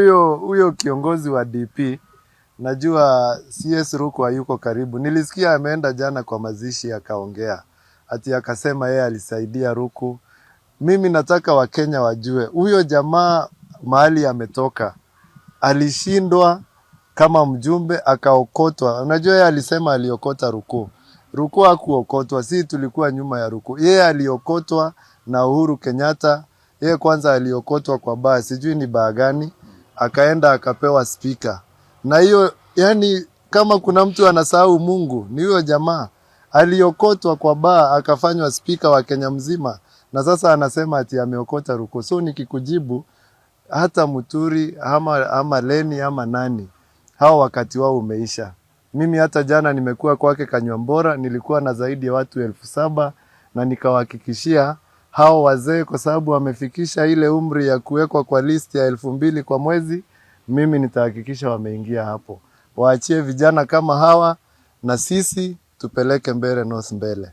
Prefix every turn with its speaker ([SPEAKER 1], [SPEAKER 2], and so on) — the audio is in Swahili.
[SPEAKER 1] huyo huyo kiongozi wa DP najua CS Ruko hayuko karibu. Nilisikia ameenda jana kwa mazishi akaongea, ati akasema yeye alisaidia Ruku. Mimi nataka Wakenya wajue huyo jamaa mahali ametoka, alishindwa kama mjumbe akaokotwa. Unajua yeye alisema aliokota Ruku. Ruku hakuokotwa, si tulikuwa nyuma ya Ruku. Yeye aliokotwa na Uhuru Kenyatta. Yeye kwanza aliokotwa kwa baa, sijui ni baa gani akaenda akapewa spika. Na hiyo yani, kama kuna mtu anasahau Mungu ni huyo jamaa aliokotwa kwa baa akafanywa spika wa Kenya mzima, na sasa anasema ati ameokota Ruko. So nikikujibu hata Muturi ama, ama Leni ama nani, hao wakati wao umeisha. Mimi hata jana nimekuwa kwake mbora nilikuwa na zaidi ya watu elfu saba na nikawahakikishia hao wazee kwa sababu wamefikisha ile umri ya kuwekwa kwa listi ya elfu mbili kwa mwezi, mimi nitahakikisha wameingia hapo. Waachie vijana kama hawa na sisi tupeleke mbele North mbele.